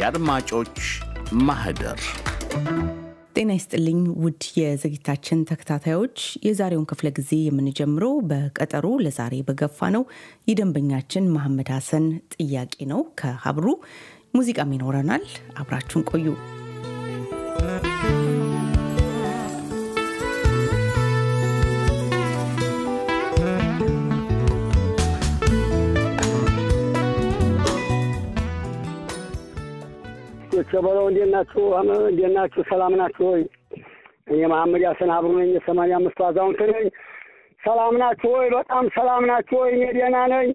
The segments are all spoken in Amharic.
የአድማጮች ማህደር ጤና ይስጥልኝ ውድ የዝግጅታችን ተከታታዮች፣ የዛሬውን ክፍለ ጊዜ የምንጀምረው በቀጠሮ ለዛሬ በገፋ ነው የደንበኛችን መሐመድ ሀሰን ጥያቄ ነው። ከሀብሩ ሙዚቃም ይኖረናል። አብራችሁን ቆዩ። ናቸው በለው። እንዴት ናችሁ? እንዴት ናችሁ? ሰላም ናችሁ ወይ? እኔ መሐመድ ያሰን አብሩ ነኝ። የሰማንያ አምስቱ አዛውንት ነኝ። ሰላም ናችሁ ወይ? በጣም ሰላም ናችሁ ወይ? እኔ ደህና ነኝ።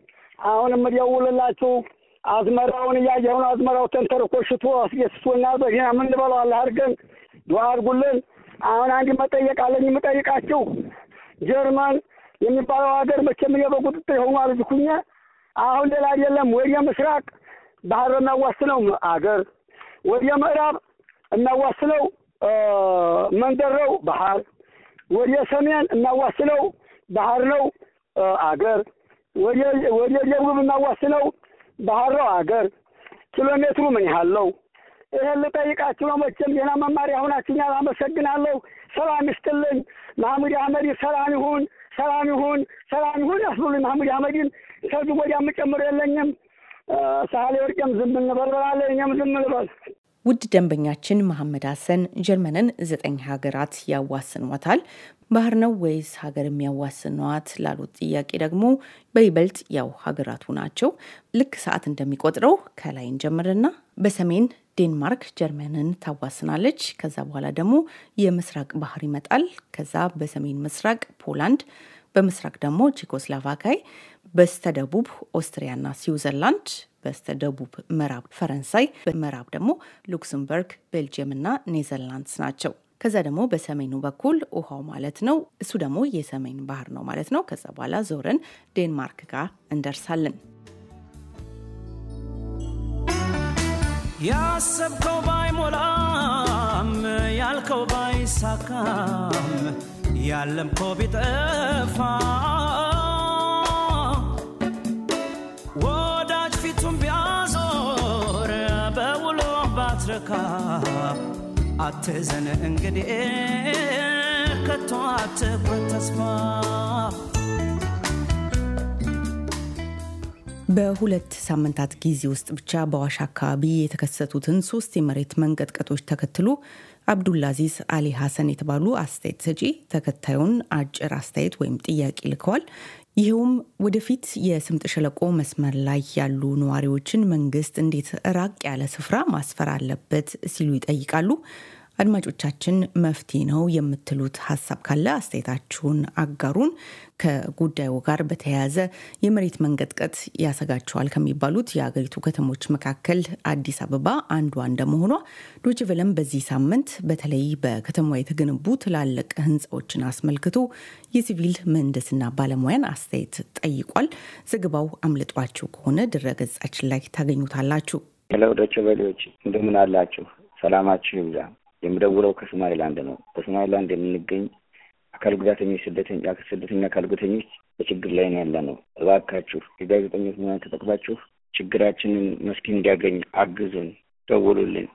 አሁን የምደውልላችሁ አዝመራውን እያየሁ ነው። አዝመራው ተንተርኮ ሽቶ አስደስቶናል። በዜና ምን ልበለው አለ አድርገን ዱዓ አድርጉልን። አሁን አንድ መጠየቅ አለኝ የምጠይቃችሁ ጀርመን የሚባለው ሀገር መቼም እኔ በቁጥጥር የሆኑ አልጅኩኛ አሁን ሌላ አይደለም ወደ ምስራቅ ባህር በሚያዋስነው አገር ወዲያ ምዕራብ እናዋስለው መንደር ነው ባህር፣ ወዲያ ሰሜን እናዋስለው ባህር ነው አገር፣ ወዲያ ደቡብ እናዋስለው ባህር ነው አገር። ኪሎ ሜትሩ ምን ያህል ነው? ይህን ልጠይቃችሁ ነው። መቼም ዜና መማሪያ ሆናችሁኛል። አመሰግናለሁ። ሰላም ይስጥልኝ። ማህሙድ አህመድ ሰላም ይሁን፣ ሰላም ይሁን፣ ሰላም ይሁን ያስብሉኝ። ማህሙድ አህመድን ከዚህ ወዲያ የምጨምር የለኝም። ሳህሌ ወርቅም ዝም እንበል በላለች። እኔም ዝም እንበል ውድ ደንበኛችን መሐመድ ሀሰን ጀርመንን ዘጠኝ ሀገራት ያዋስኗታል። ባህር ነው ወይስ ሀገር የሚያዋስኗት ላሉት ጥያቄ ደግሞ በይበልጥ ያው ሀገራቱ ናቸው። ልክ ሰዓት እንደሚቆጥረው ከላይ እንጀምርና በሰሜን ዴንማርክ ጀርመንን ታዋስናለች። ከዛ በኋላ ደግሞ የምስራቅ ባህር ይመጣል። ከዛ በሰሜን ምስራቅ ፖላንድ፣ በምስራቅ ደግሞ ቼኮስላቫካይ፣ በስተደቡብ ኦስትሪያና ስዊዘርላንድ፣ በስተደቡብ ምዕራብ ፈረንሳይ፣ በምዕራብ ደግሞ ሉክሰምበርግ፣ ቤልጅየምና ኔዘርላንድስ ናቸው። ከዛ ደግሞ በሰሜኑ በኩል ውሃው ማለት ነው። እሱ ደግሞ የሰሜን ባህር ነው ማለት ነው። ከዛ በኋላ ዞረን ዴንማርክ ጋር እንደርሳለን። ያሰብከው ባይሞላም ያልከው ባይሳካም ያለምከው ቢጠፋ አትዘን እንግዲህ ከቶ አትቁረጥ ተስፋ በሁለት ሳምንታት ጊዜ ውስጥ ብቻ በዋሻ አካባቢ የተከሰቱትን ሶስት የመሬት መንቀጥቀጦች ተከትሎ አብዱላዚዝ አሊ ሀሰን የተባሉ አስተያየት ሰጪ ተከታዩን አጭር አስተያየት ወይም ጥያቄ ልከዋል። ይኸውም ወደፊት የስምጥ ሸለቆ መስመር ላይ ያሉ ነዋሪዎችን መንግስት እንዴት ራቅ ያለ ስፍራ ማስፈር አለበት ሲሉ ይጠይቃሉ። አድማጮቻችን መፍትሄ ነው የምትሉት ሀሳብ ካለ አስተያየታችሁን አጋሩን። ከጉዳዩ ጋር በተያያዘ የመሬት መንቀጥቀጥ ያሰጋቸዋል ከሚባሉት የአገሪቱ ከተሞች መካከል አዲስ አበባ አንዷ እንደመሆኗ ዶይቼ ቬለም በዚህ ሳምንት በተለይ በከተማዋ የተገነቡ ትላልቅ ህንፃዎችን አስመልክቶ የሲቪል ምህንድስና ባለሙያን አስተያየት ጠይቋል። ዘገባው አምልጧችሁ ከሆነ ድረገጻችን ላይ ታገኙታላችሁ። ዶይቼ ቬሌዎች እንደምን አላችሁ? ሰላማችሁ ይብዛ። የምደውለው ከሶማሌላንድ ነው። በሶማሌላንድ የምንገኝ አካል ጉዳተኞች ስደተኛ ስደተኛ አካል ጉዳተኞች በችግር ላይ ነው ያለ ነው። እባካችሁ የጋዜጠኞች ሙያን ተጠቅማችሁ ችግራችንን መስኪ እንዲያገኝ አግዙን፣ ደውሉልን።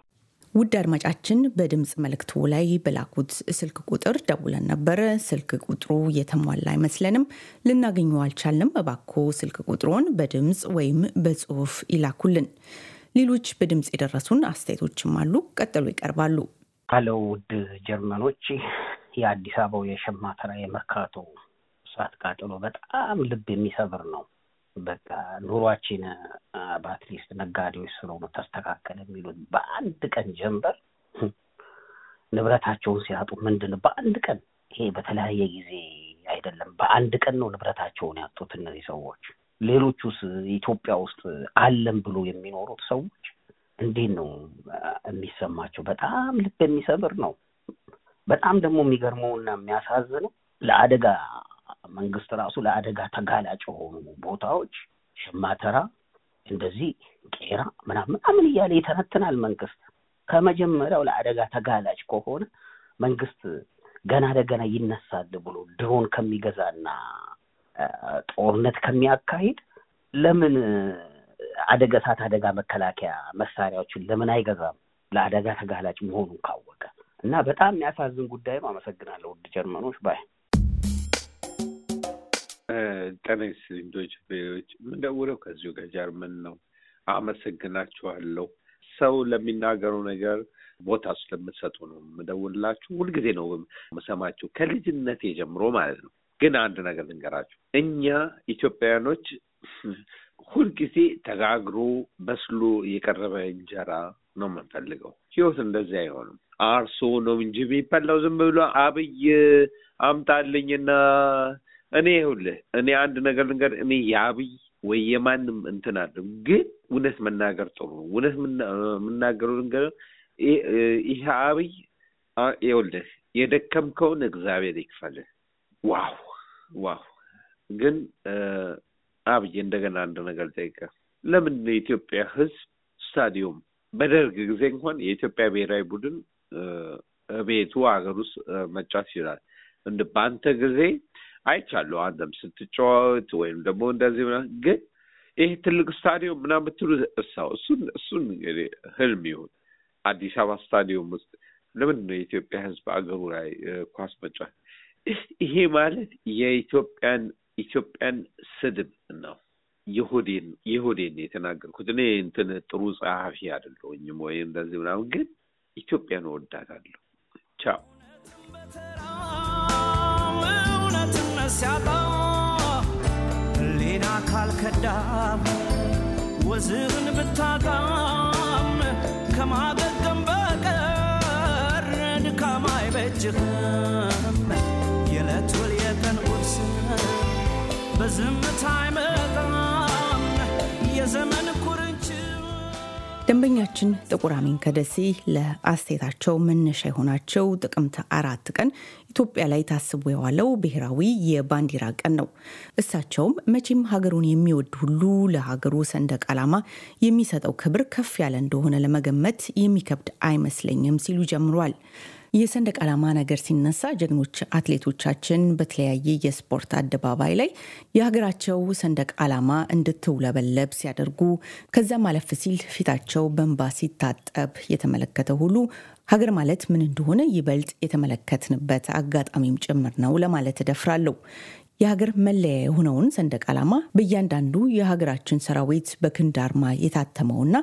ውድ አድማጫችን በድምፅ መልእክቱ ላይ በላኩት ስልክ ቁጥር ደውለን ነበረ። ስልክ ቁጥሩ የተሟላ አይመስለንም፣ ልናገኙ አልቻልንም። እባኮ ስልክ ቁጥሮን በድምፅ ወይም በጽሁፍ ይላኩልን። ሌሎች በድምፅ የደረሱን አስተያየቶችም አሉ፣ ቀጥሎ ይቀርባሉ። ውድ ጀርመኖች የአዲስ አበባው የሸማ ተራ የመርካቶ እሳት ቃጥሎ በጣም ልብ የሚሰብር ነው። በቃ ኑሯችን በአትሊስት ነጋዴዎች ስለሆኑ ተስተካከለ የሚሉት በአንድ ቀን ጀንበር ንብረታቸውን ሲያጡ ምንድን ነው በአንድ ቀን ይሄ በተለያየ ጊዜ አይደለም፣ በአንድ ቀን ነው ንብረታቸውን ያጡት እነዚህ ሰዎች። ሌሎቹስ ኢትዮጵያ ውስጥ አለም ብሎ የሚኖሩት ሰዎች እንዴት ነው የሚሰማቸው? በጣም ልብ የሚሰብር ነው። በጣም ደግሞ የሚገርመውና የሚያሳዝነው ለአደጋ መንግስት ራሱ ለአደጋ ተጋላጭ የሆኑ ቦታዎች ሽማተራ፣ እንደዚህ ቄራ ምናምን ምናምን እያለ ይተነትናል መንግስት። ከመጀመሪያው ለአደጋ ተጋላጭ ከሆነ መንግስት ገና ለገና ይነሳል ብሎ ድሮን ከሚገዛና ጦርነት ከሚያካሂድ ለምን አደጋ እሳት አደጋ መከላከያ መሳሪያዎችን ለምን አይገዛም? ለአደጋ ተጋላጭ መሆኑን ካወቀ እና በጣም የሚያሳዝን ጉዳይ ነው። አመሰግናለሁ። ውድ ጀርመኖች ባይ ጠነስ ዶች ቤዎች የምንደውለው ከዚሁ ከጀርመን ነው። አመሰግናችኋለሁ። ሰው ለሚናገረው ነገር ቦታ ስለምትሰጡ ነው የምደውልላችሁ። ሁልጊዜ ነው መሰማችሁ ከልጅነቴ ጀምሮ ማለት ነው። ግን አንድ ነገር ልንገራችሁ፣ እኛ ኢትዮጵያውያኖች ሁልጊዜ ተጋግሮ በስሎ የቀረበ እንጀራ ነው የምንፈልገው። ህይወት እንደዚህ አይሆንም። አርሶ ነው እንጂ የሚበላው ዝም ብሎ አብይ አምጣልኝና እኔ ይኸውልህ፣ እኔ አንድ ነገር ልንገር፣ እኔ የአብይ ወይ የማንም እንትን አለ፣ ግን እውነት መናገር ጥሩ ነው። እውነት የምናገሩ ልንገር፣ ይህ አብይ ይኸውልህ፣ የደከምከውን እግዚአብሔር ይክፈልህ። ዋው ዋው! ግን አብይ እንደገና አንድ ነገር ጠይቀ ለምንድን የኢትዮጵያ ህዝብ ስታዲየም በደርግ ጊዜ እንኳን የኢትዮጵያ ብሔራዊ ቡድን ቤቱ ሀገር ውስጥ መጫወት ይችላል። እንደ በአንተ ጊዜ አይቻሉ አንተም ስትጫወት ወይም ደግሞ እንደዚህ ምናምን፣ ግን ይህ ትልቅ ስታዲየም ምና ምትሉ እሳው እሱን እሱን ህልም ይሁን። አዲስ አበባ ስታዲየም ውስጥ ለምንድን ነው የኢትዮጵያ ህዝብ አገሩ ላይ ኳስ መጫወት? ይሄ ማለት የኢትዮጵያን ኢትዮጵያን ስድብ ነው የሆዴን የሆዴን የተናገርኩት እኔ እንትን ጥሩ ጸሐፊ አይደለሁኝም ወይም እንደዚህ ምናምን፣ ግን ኢትዮጵያን እወዳታለሁ። ቻው። እውነትነት ሌላ ካልከዳም ወዝህን ብታጣም ከማገገም በቀር ድካም አይበጅህም። ደንበኛችን ጥቁር አሚን ከደሴ ለአስተያየታቸው መነሻ የሆናቸው ጥቅምት አራት ቀን ኢትዮጵያ ላይ ታስቦ የዋለው ብሔራዊ የባንዲራ ቀን ነው። እሳቸውም መቼም ሀገሩን የሚወድ ሁሉ ለሀገሩ ሰንደቅ ዓላማ የሚሰጠው ክብር ከፍ ያለ እንደሆነ ለመገመት የሚከብድ አይመስለኝም ሲሉ ጀምሯል። የሰንደቅ ዓላማ ነገር ሲነሳ ጀግኖች አትሌቶቻችን በተለያየ የስፖርት አደባባይ ላይ የሀገራቸው ሰንደቅ ዓላማ እንድትውለበለብ ሲያደርጉ ከዚያም አለፍ ሲል ፊታቸው በንባ ሲታጠብ የተመለከተ ሁሉ ሀገር ማለት ምን እንደሆነ ይበልጥ የተመለከትንበት አጋጣሚም ጭምር ነው ለማለት እደፍራለሁ። የሀገር መለያ የሆነውን ሰንደቅ ዓላማ በእያንዳንዱ የሀገራችን ሰራዊት በክንድ አርማ የታተመውና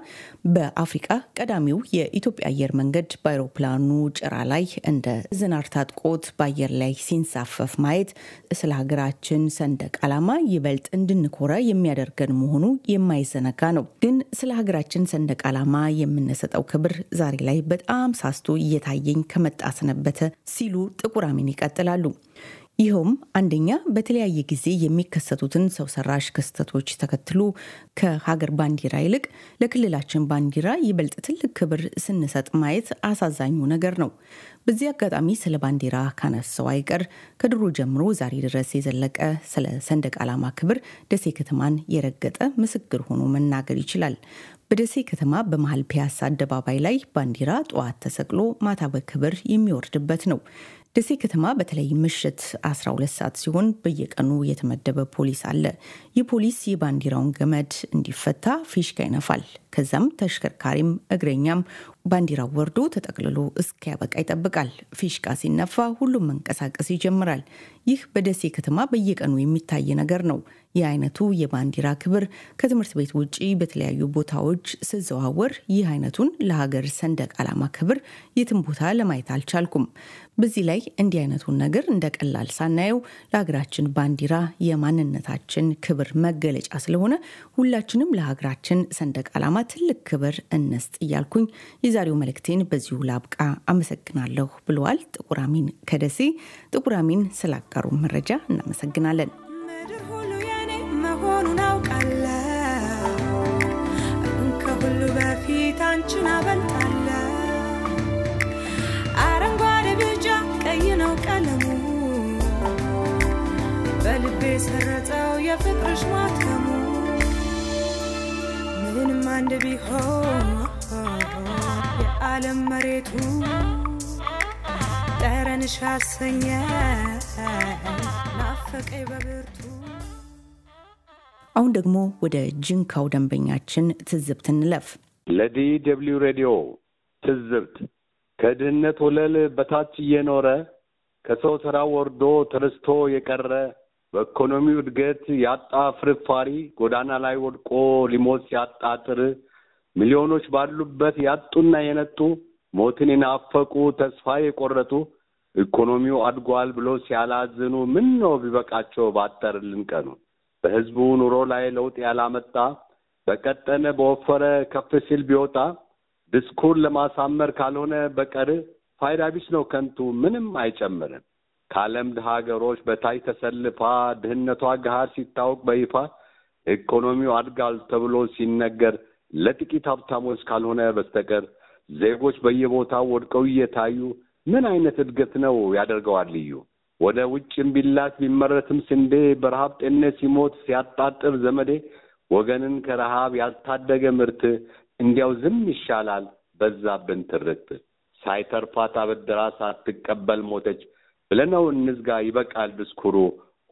በአፍሪቃ ቀዳሚው የኢትዮጵያ አየር መንገድ በአይሮፕላኑ ጭራ ላይ እንደ ዝናር ታጥቆት በአየር ላይ ሲንሳፈፍ ማየት ስለ ሀገራችን ሰንደቅ ዓላማ ይበልጥ እንድንኮራ የሚያደርገን መሆኑ የማይዘነጋ ነው። ግን ስለ ሀገራችን ሰንደቅ ዓላማ የምንሰጠው ክብር ዛሬ ላይ በጣም ሳስቶ እየታየኝ ከመጣ ሰነበተ ሲሉ ጥቁር አሚን ይቀጥላሉ። ይኸውም አንደኛ በተለያየ ጊዜ የሚከሰቱትን ሰው ሰራሽ ክስተቶች ተከትሎ ከሀገር ባንዲራ ይልቅ ለክልላችን ባንዲራ ይበልጥ ትልቅ ክብር ስንሰጥ ማየት አሳዛኙ ነገር ነው። በዚህ አጋጣሚ ስለ ባንዲራ ካነሰው አይቀር ከድሮ ጀምሮ ዛሬ ድረስ የዘለቀ ስለ ሰንደቅ ዓላማ ክብር ደሴ ከተማን የረገጠ ምስክር ሆኖ መናገር ይችላል። በደሴ ከተማ በመሀል ፒያሳ አደባባይ ላይ ባንዲራ ጠዋት ተሰቅሎ ማታ በክብር የሚወርድበት ነው። ደሴ ከተማ በተለይ ምሽት 12 ሰዓት ሲሆን በየቀኑ የተመደበ ፖሊስ አለ። ይህ ፖሊስ የባንዲራውን ገመድ እንዲፈታ ፊሽካ ይነፋል። ከዛም ተሽከርካሪም እግረኛም ባንዲራው ወርዶ ተጠቅልሎ እስኪያበቃ ይጠብቃል። ፊሽካ ሲነፋ ሁሉም መንቀሳቀስ ይጀምራል። ይህ በደሴ ከተማ በየቀኑ የሚታይ ነገር ነው። የአይነቱ የባንዲራ ክብር ከትምህርት ቤት ውጪ በተለያዩ ቦታዎች ስዘዋወር ይህ አይነቱን ለሀገር ሰንደቅ ዓላማ ክብር የትም ቦታ ለማየት አልቻልኩም። በዚህ ላይ እንዲህ አይነቱን ነገር እንደ ቀላል ሳናየው ለሀገራችን ባንዲራ የማንነታችን ክብር መገለጫ ስለሆነ ሁላችንም ለሀገራችን ሰንደቅ ዓላማ ትልቅ ክብር እንስጥ እያልኩኝ የዛሬው መልእክቴን በዚሁ ላብቃ። አመሰግናለሁ ብለዋል ጥቁር አሚን ከደሴ። ጥቁር አሚን ስላጋሩ መረጃ እናመሰግናለን። ፊት አንቺን አበልጣለሁ። አረንጓዴ፣ ቢጫ፣ ቀይ ነው ቀለሙ በልቤ ሰረጠው የፍቅርሽ ማተሙ ምንም አንድ ቢሆን የዓለም መሬቱ ጠረንሽ አሰኘ ናፈቀኝ በብርቱ። አሁን ደግሞ ወደ ጅንካው ደንበኛችን ትዝብት እንለፍ። ለዲ ደብልዩ ሬዲዮ ትዝብት ከድህነት ወለል በታች እየኖረ ከሰው ስራ ወርዶ ተረስቶ የቀረ በኢኮኖሚው እድገት ያጣ ፍርፋሪ ጎዳና ላይ ወድቆ ሊሞት ሲያጣጥር ሚሊዮኖች ባሉበት ያጡና የነጡ ሞትን የናፈቁ ተስፋ የቆረጡ ኢኮኖሚው አድጓል ብሎ ሲያላዝኑ ምን ነው ቢበቃቸው ባጠርልን ቀኑ በህዝቡ ኑሮ ላይ ለውጥ ያላመጣ በቀጠነ በወፈረ ከፍ ሲል ቢወጣ ድስኩር ለማሳመር ካልሆነ በቀር ፋይዳ ቢስ ነው፣ ከንቱ ምንም አይጨምርም። ከዓለም ሀገሮች በታች ተሰልፋ ድህነቷ ገሃድ ሲታወቅ በይፋ ኢኮኖሚው አድጋል ተብሎ ሲነገር ለጥቂት ሀብታሞች ካልሆነ በስተቀር ዜጎች በየቦታው ወድቀው እየታዩ ምን አይነት እድገት ነው ያደርገዋል? ልዩ ወደ ውጭም ቢላስ ቢመረትም ስንዴ በረሃብ ጤነት ሲሞት ሲያጣጥር ዘመዴ ወገንን ከረሃብ ያልታደገ ምርት እንዲያው ዝም ይሻላል። በዛብን ትርክት ሳይተርፋት አበድራ ሳትቀበል ሞተች ብለነው እንዝጋ። ይበቃል ድስኩሩ፣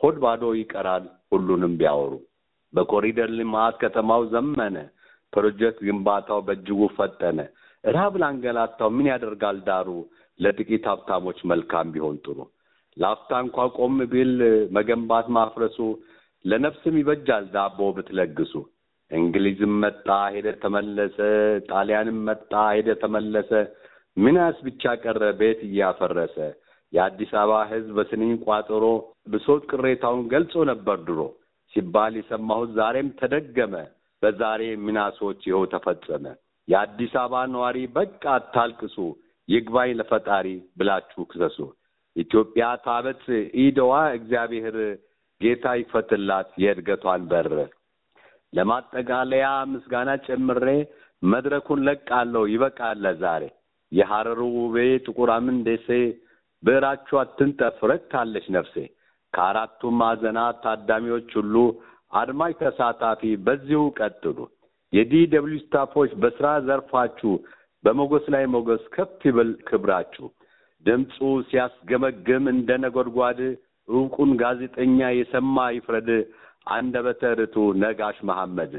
ሆድ ባዶ ይቀራል ሁሉንም ቢያወሩ። በኮሪደር ልማት ከተማው ዘመነ፣ ፕሮጀክት ግንባታው በእጅጉ ፈጠነ። ረሃብ ላንገላታው ምን ያደርጋል ዳሩ፣ ለጥቂት ሀብታሞች መልካም ቢሆን ጥሩ። ለአፍታ እንኳ ቆም ቢል መገንባት ማፍረሱ ለነፍስም ይበጃል ዳቦ ብትለግሱ። እንግሊዝም መጣ ሄደ ተመለሰ፣ ጣሊያንም መጣ ሄደ ተመለሰ፣ ምናስ ብቻ ቀረ ቤት እያፈረሰ። የአዲስ አበባ ሕዝብ በስንኝ ቋጠሮ ብሶት ቅሬታውን ገልጾ ነበር ድሮ ሲባል የሰማሁት ዛሬም ተደገመ። በዛሬ ምናሶች ይኸው ተፈጸመ። የአዲስ አበባ ነዋሪ በቃ አታልቅሱ፣ ይግባኝ ለፈጣሪ ብላችሁ ክሰሱ። ኢትዮጵያ ታበት ኢደዋ እግዚአብሔር ጌታ ይፈትላት የእድገቷን በር። ለማጠቃለያ ምስጋና ጨምሬ መድረኩን ለቃለሁ። ይበቃል ለዛሬ። የሐረሩ ውቤ ጥቁር አምንዴሴ ብዕራችሁ አትንጠፍ ረክታለች ነፍሴ። ከአራቱም ማዕዘናት ታዳሚዎች ሁሉ አድማጭ ተሳታፊ በዚሁ ቀጥሉ። የዲ ደብልዩ ስታፎች በስራ ዘርፋችሁ በሞገስ ላይ ሞገስ ከፍ ይበል ክብራችሁ። ድምፁ ሲያስገመግም እንደ ነጎድጓድ እውቁን ጋዜጠኛ የሰማ ይፍረድ። አንደበተ ርቱ ነጋሽ መሐመድ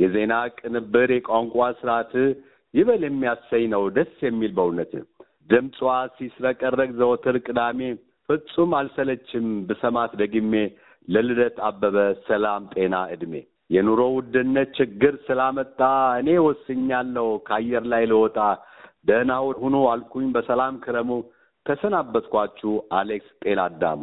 የዜና ቅንብር የቋንቋ ስርዓት ይበል የሚያሰኝ ነው፣ ደስ የሚል በእውነት ድምጿ ሲስረቀረቅ ዘወትር ቅዳሜ ፍጹም አልሰለችም ብሰማት ደግሜ። ለልደት አበበ ሰላም ጤና እድሜ የኑሮ ውድነት ችግር ስላመጣ እኔ ወስኛለሁ ከአየር ላይ ልወጣ። ደህና ሁኖ አልኩኝ በሰላም ክረሙ። ተሰናበትኳችሁ አሌክስ ጤና አዳሙ።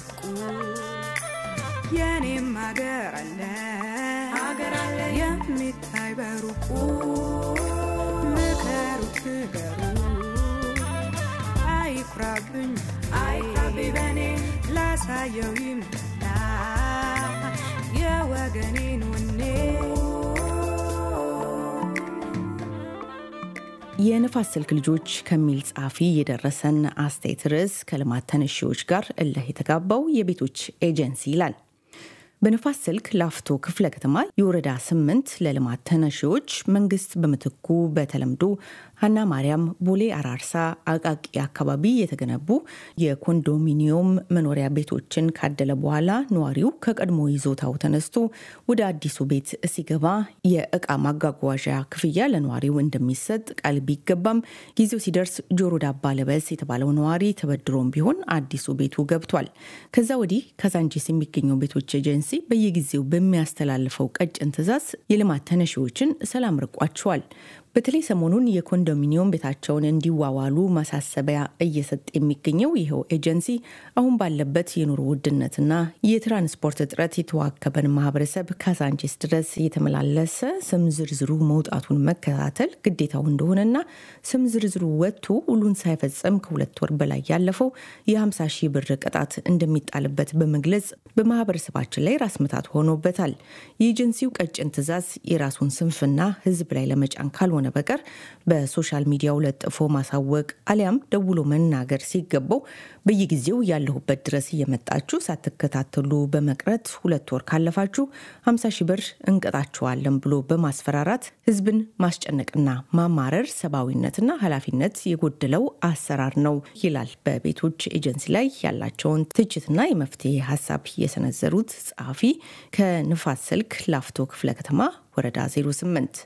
ያውቁ የኔም ሀገር አለ ሀገር አለ የሚታይ በሩቁ አይኩራብኝ በኔ ላሳየው የወገኔን ወኔ የንፋስ ስልክ ልጆች ከሚል ጸሐፊ የደረሰን አስተያየት ርዕስ ከልማት ተነሺዎች ጋር እልህ የተጋባው የቤቶች ኤጀንሲ ይላል። በንፋስ ስልክ ላፍቶ ክፍለ ከተማ የወረዳ ስምንት ለልማት ተነሺዎች መንግስት በምትኩ በተለምዶ ሀና ማርያም ቦሌ አራርሳ አቃቂ አካባቢ የተገነቡ የኮንዶሚኒየም መኖሪያ ቤቶችን ካደለ በኋላ ነዋሪው ከቀድሞ ይዞታው ተነስቶ ወደ አዲሱ ቤት ሲገባ የእቃ ማጓጓዣ ክፍያ ለነዋሪው እንደሚሰጥ ቃል ቢገባም ጊዜው ሲደርስ ጆሮ ዳባ ለበስ የተባለው ነዋሪ ተበድሮም ቢሆን አዲሱ ቤቱ ገብቷል። ከዛ ወዲህ ካዛንቺስ የሚገኘው ቤቶች ኤጀንሲ በየጊዜው በሚያስተላልፈው ቀጭን ትዕዛዝ የልማት ተነሺዎችን ሰላም ርቋቸዋል። በተለይ ሰሞኑን የኮንዶሚኒየም ቤታቸውን እንዲዋዋሉ ማሳሰቢያ እየሰጠ የሚገኘው ይኸው ኤጀንሲ አሁን ባለበት የኑሮ ውድነትና የትራንስፖርት እጥረት የተዋከበን ማህበረሰብ ካዛንቺስ ድረስ የተመላለሰ ስም ዝርዝሩ መውጣቱን መከታተል ግዴታው እንደሆነና ስም ዝርዝሩ ወጥቶ ሁሉን ሳይፈጸም ከሁለት ወር በላይ ያለፈው የ50 ሺህ ብር ቅጣት እንደሚጣልበት በመግለጽ በማህበረሰባችን ላይ ራስ ምታት ሆኖበታል። የኤጀንሲው ቀጭን ትዕዛዝ የራሱን ስንፍና ህዝብ ላይ ለመጫን ካልሆነ ካልሆነ በቀር በሶሻል ሚዲያው ለጥፎ ማሳወቅ አሊያም ደውሎ መናገር ሲገባው በየጊዜው ያለሁበት ድረስ እየመጣችሁ ሳትከታተሉ በመቅረት ሁለት ወር ካለፋችሁ 50 ሺ ብር እንቀጣችኋለን ብሎ በማስፈራራት ህዝብን ማስጨነቅና ማማረር ሰብአዊነትና ኃላፊነት የጎደለው አሰራር ነው ይላል በቤቶች ኤጀንሲ ላይ ያላቸውን ትችትና የመፍትሄ ሀሳብ የሰነዘሩት ጸሐፊ ከንፋስ ስልክ ላፍቶ ክፍለ ከተማ ወረዳ 08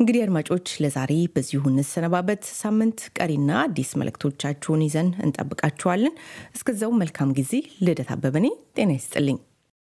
እንግዲህ አድማጮች ለዛሬ በዚሁ እንሰነባበት። ሳምንት ቀሪና አዲስ መልእክቶቻችሁን ይዘን እንጠብቃችኋለን። እስከዛው መልካም ጊዜ። ልደት አበበኔ ጤና ይስጥልኝ።